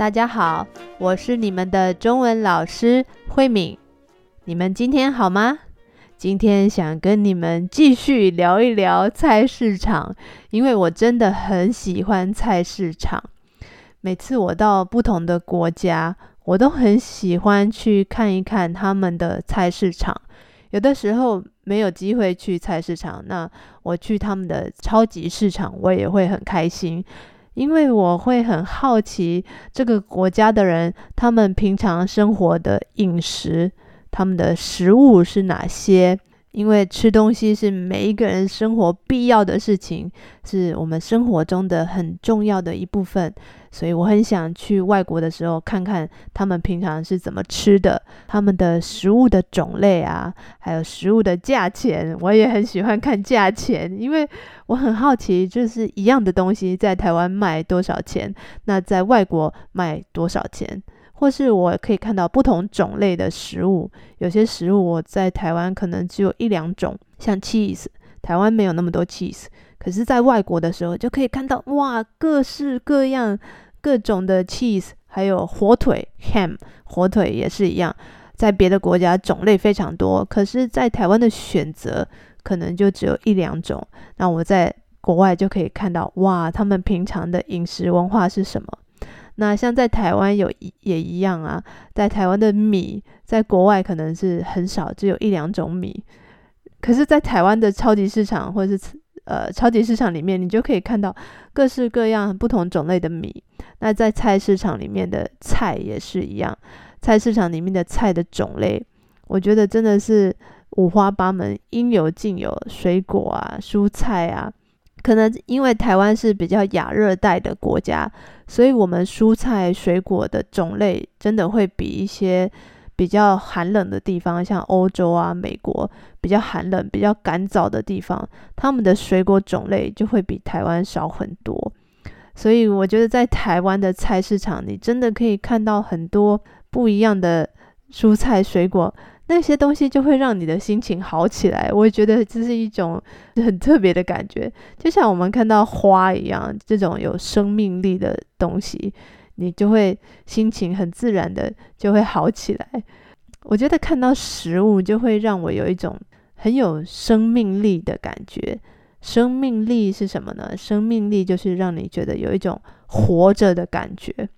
大家好，我是你們的中文老師慧敏。你們今天好嗎？今天想跟你們繼續聊一聊菜市場，因為我真的很喜歡菜市場。每次我到不同的國家，我都很喜歡去看一看他們的菜市場。有的時候沒有機會去菜市場，那我去他們的超級市場，我也會很開心。因為我會很好奇這個國家的人，他們平常生活的飲食，他們的食物是哪些？因為吃東西是每一個人生活必要的事情，是我們生活中的很重要的一部分，所以我很想去外國的時候看看他們平常是怎麼吃的，他們的食物的種類啊，還有食物的價錢。我也很喜歡看價錢，因為我很好奇，就是一樣的東西在台灣賣多少錢，那在外國賣多少錢？或是我可以看到不同種類的食物，有些食物我在台灣可能只有一兩種，像 cheese，台灣沒有那麼多 cheese，可是，在外國的時候就可以看到，哇，各式各樣，各種的 cheese，還有火腿 ham，火腿也是一樣，在別的國家種類非常多，可是，在台灣的選擇可能就只有一兩種，那我在國外就可以看到，哇，他們平常的飲食文化是什麼？那像在台灣有一也一樣啊，在台灣的米，在國外可能是很少，只有一兩種米。可是，在台灣的超級市場或者是呃超級市場裡面，你就可以看到各式各樣不同種類的米。那在菜市場裡面的菜也是一樣，菜市場裡面的菜的種類，我覺得真的是五花八門，應有盡有，水果啊，蔬菜啊。可能因為台灣是比較亞熱帶的國家，所以我們蔬菜水果的種類真的會比一些比較寒冷的地方，像歐洲啊、美國，比較寒冷、比較乾燥的地方，他們的水果種類就會比台灣少很多。所以我覺得在台灣的菜市場，你真的可以看到很多不一樣的蔬菜水果。那些東西就會讓你的心情好起來，我覺得這是一種很特別的感覺，就像我們看到花一樣，這種有生命力的東西，你就會心情很自然的就會好起來。我覺得看到食物就會讓我有一種很有生命力的感覺。生命力是什麼呢？生命力就是讓你覺得有一種活着的感覺。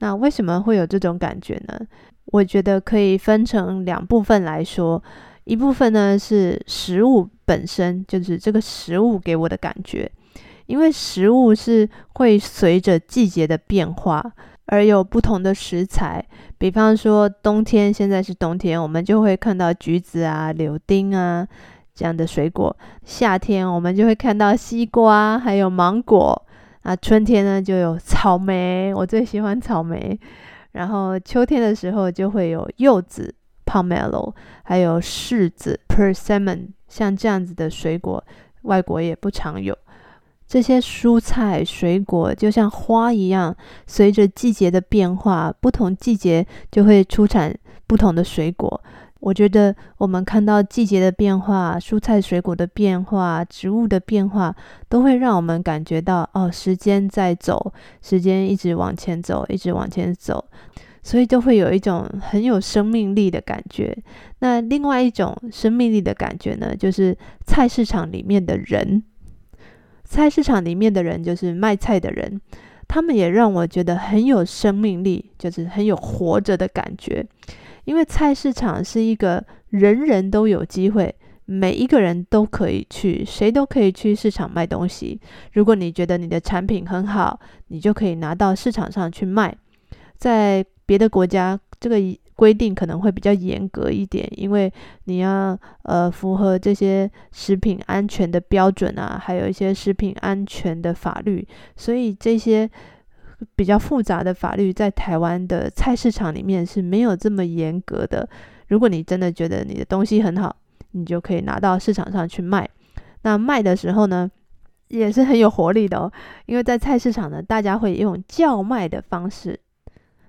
那為什麼會有這種感覺呢？我覺得可以分成兩部分來說，一部分呢是食物本身，就是這個食物給我的感覺，因為食物是會隨着季節的變化而有不同的食材。比方說冬天，現在是冬天，我們就會看到橘子啊、柳丁啊這樣的水果；夏天我們就會看到西瓜，還有芒果；啊，春天呢就有草莓，我最喜歡草莓。然後秋天的時候就會有柚子 （pomelo），還有柿子 （persimmon）。Pers mon，像這樣子的水果，外國也不常有。這些蔬菜、水果就像花一樣，隨着季節的變化，不同季節就會出產不同的水果。我覺得我們看到季節的變化、蔬菜水果的變化、植物的變化，都會讓我們感覺到哦，時間在走，時間一直往前走，一直往前走，所以就會有一種很有生命力的感覺。那另外一種生命力的感覺呢，就是菜市場裡面的人，菜市場裡面的人就是賣菜的人，他們也讓我覺得很有生命力，就是很有活着的感覺。因為菜市場是一個人人都有機會，每一個人都可以去，誰都可以去市場賣東西。如果你覺得你的產品很好，你就可以拿到市場上去賣。在別的國家，這個規定可能會比較嚴格一點，因為你要，呃，符合這些食品安全的標準啊，還有一些食品安全的法律，所以這些。比較複雜的法律在台灣的菜市場裡面是沒有這麼嚴格的。如果你真的覺得你的東西很好，你就可以拿到市場上去賣。那賣的時候呢，也是很有活力的哦。因為在菜市場呢，大家會用叫賣的方式。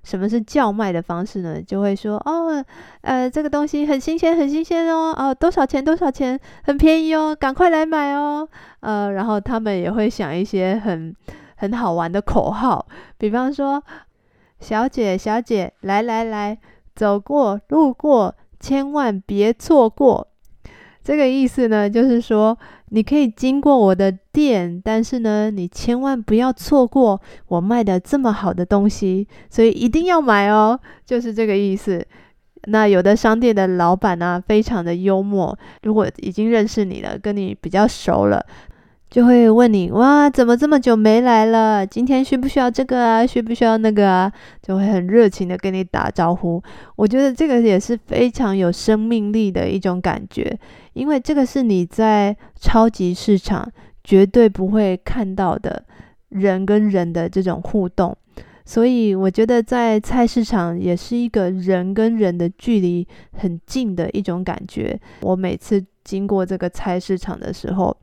什麼是叫賣的方式呢？就會說哦，呃，這個東西很新鮮，很新鮮哦，哦，多少錢？多少錢？很便宜哦，趕快來買哦，呃，然後他們也會想一些很。很好玩的口號，比方說：“小姐，小姐，來來來，走過路過，千萬別錯過。”這個意思呢，就是說你可以經過我的店，但是呢，你千萬不要錯過我賣的這麼好的東西，所以一定要買哦，就是這個意思。那有的商店的老闆呢、啊，非常的幽默，如果已經認識你了，跟你比較熟了。就會問你哇，怎麼這麼久沒來了？今天需不需要這個啊？需不需要那個啊？就會很熱情地跟你打招呼。我覺得這個也是非常有生命力的一種感覺，因為這個是你在超級市場絕對不會看到的人跟人的這種互動。所以我覺得在菜市場也是一個人跟人的距離很近的一種感覺。我每次經過這個菜市場的時候，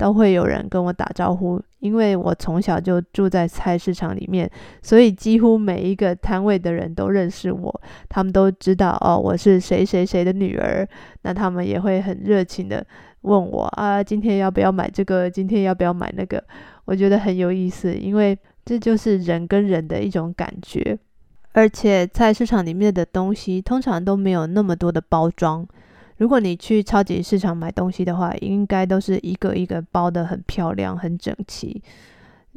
都會有人跟我打招呼，因為我從小就住在菜市場裡面，所以幾乎每一個攤位的人都認識我，他們都知道哦，我是誰誰誰的女兒，那他們也會很熱情地問我啊，今天要不要買這個，今天要不要買那個，我覺得很有意思，因為這就是人跟人的一種感覺。而且菜市場裡面的東西通常都沒有那麼多的包裝。如果你去超級市場買東西的話，應該都是一個一個包的，很漂亮，很整齊。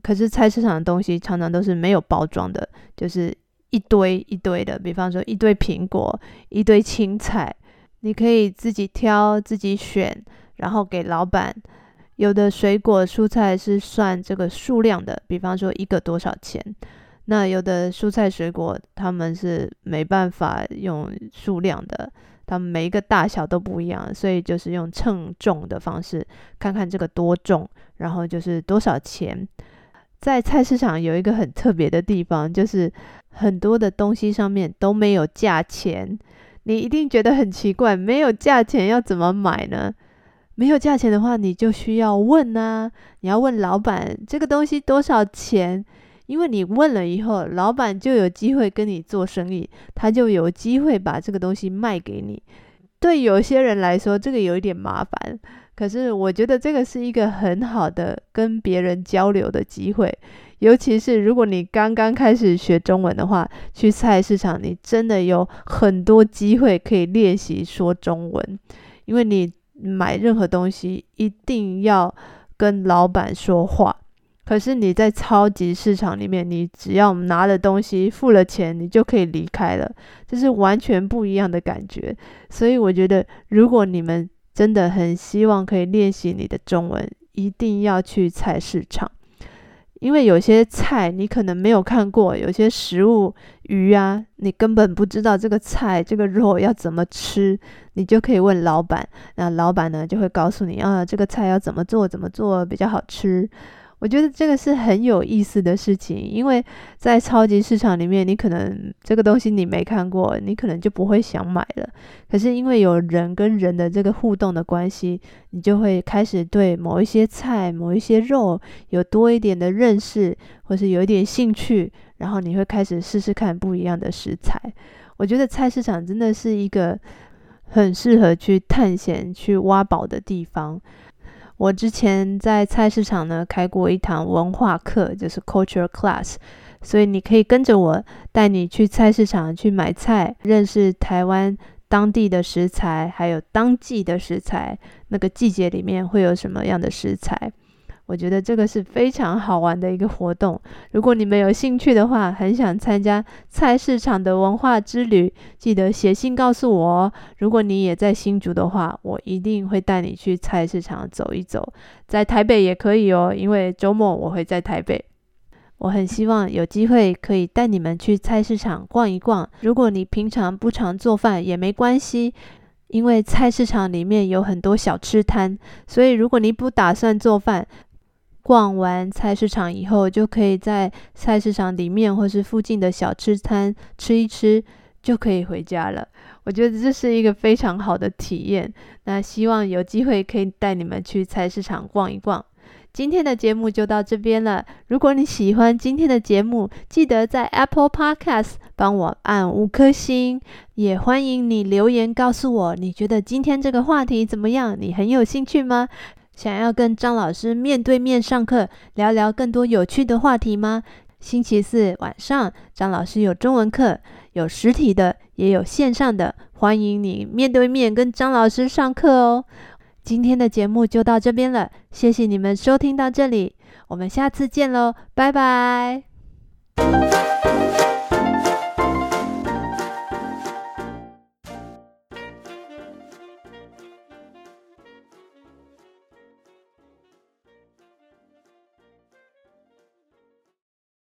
可是菜市場的東西常常都是沒有包裝的，就是一堆一堆的。比方說一堆蘋果，一堆青菜，你可以自己挑、自己選，然後給老闆。有的水果、蔬菜是算這個數量的，比方說一個多少錢。那有的蔬菜、水果他們是沒辦法用數量的。它們每一個大小都不一樣，所以就是用秤重的方式看看這個多重，然後就是多少錢。在菜市場有一個很特別的地方，就是很多的東西上面都沒有價錢，你一定覺得很奇怪，沒有價錢要怎麼買呢？沒有價錢的話，你就需要問吶、啊，你要問老闆這個東西多少錢。因為你問了以後，老闆就有機會跟你做生意，他就有機會把這個東西賣給你。對有些人來說，這個有一點麻煩，可是我覺得這個是一個很好的跟別人交流的機會，尤其是如果你剛剛開始學中文的話，去菜市場你真的有很多機會可以練習說中文，因為你買任何東西一定要跟老闆說話。可是你在超級市場裡面，你只要拿了東西、付了錢，你就可以離開了，這是完全不一樣的感覺。所以我覺得，如果你們真的很希望可以練習你的中文，一定要去菜市場，因為有些菜你可能沒有看過，有些食物魚啊，你根本不知道這個菜、這個肉要怎麼吃，你就可以問老闆，那老闆呢就會告訴你啊，這個菜要怎麼做，怎麼做比較好吃。我覺得這個是很有意思的事情，因為在超級市場裡面，你可能這個東西你沒看過，你可能就不會想買了。可是因為有人跟人的這個互動的關係，你就會開始對某一些菜、某一些肉有多一點的認識，或是有一點興趣，然後你會開始試試看不一樣的食材。我覺得菜市場真的是一個很適合去探險、去挖寶的地方。我之前在菜市場呢，開過一堂文化課，就是 culture class，所以你可以跟着我帶你去菜市場去買菜，認識台灣當地的食材，還有當季的食材，那個季節裡面會有什麼樣的食材。我覺得這個是非常好玩的一個活動。如果你們有興趣的話，很想參加菜市場的文化之旅，記得寫信告訴我哦。如果你也在新竹的話，我一定會帶你去菜市場走一走。在台北也可以哦，因為週末我會在台北。我很希望有機會可以帶你們去菜市場逛一逛。如果你平常不常做飯也沒關係，因為菜市場裡面有很多小吃攤，所以如果你不打算做飯。逛完菜市場以後，就可以在菜市場裡面或是附近的小吃攤吃一吃，就可以回家了。我覺得這是一個非常好的體驗。那希望有機會可以帶你們去菜市場逛一逛。今天的節目就到這邊了。如果你喜歡今天的節目，記得在 Apple Podcast 幫我按五顆星，也歡迎你留言告訴我，你覺得今天這個話題怎麼樣？你很有興趣嗎？想要跟張老師面對面上課，聊聊更多有趣的話題嗎？星期四晚上，張老師有中文課，有實體的，也有線上的，歡迎你面對面跟張老師上課哦！今天的節目就到這邊了，謝謝你們收聽到這裡，我們下次見嘍，拜拜！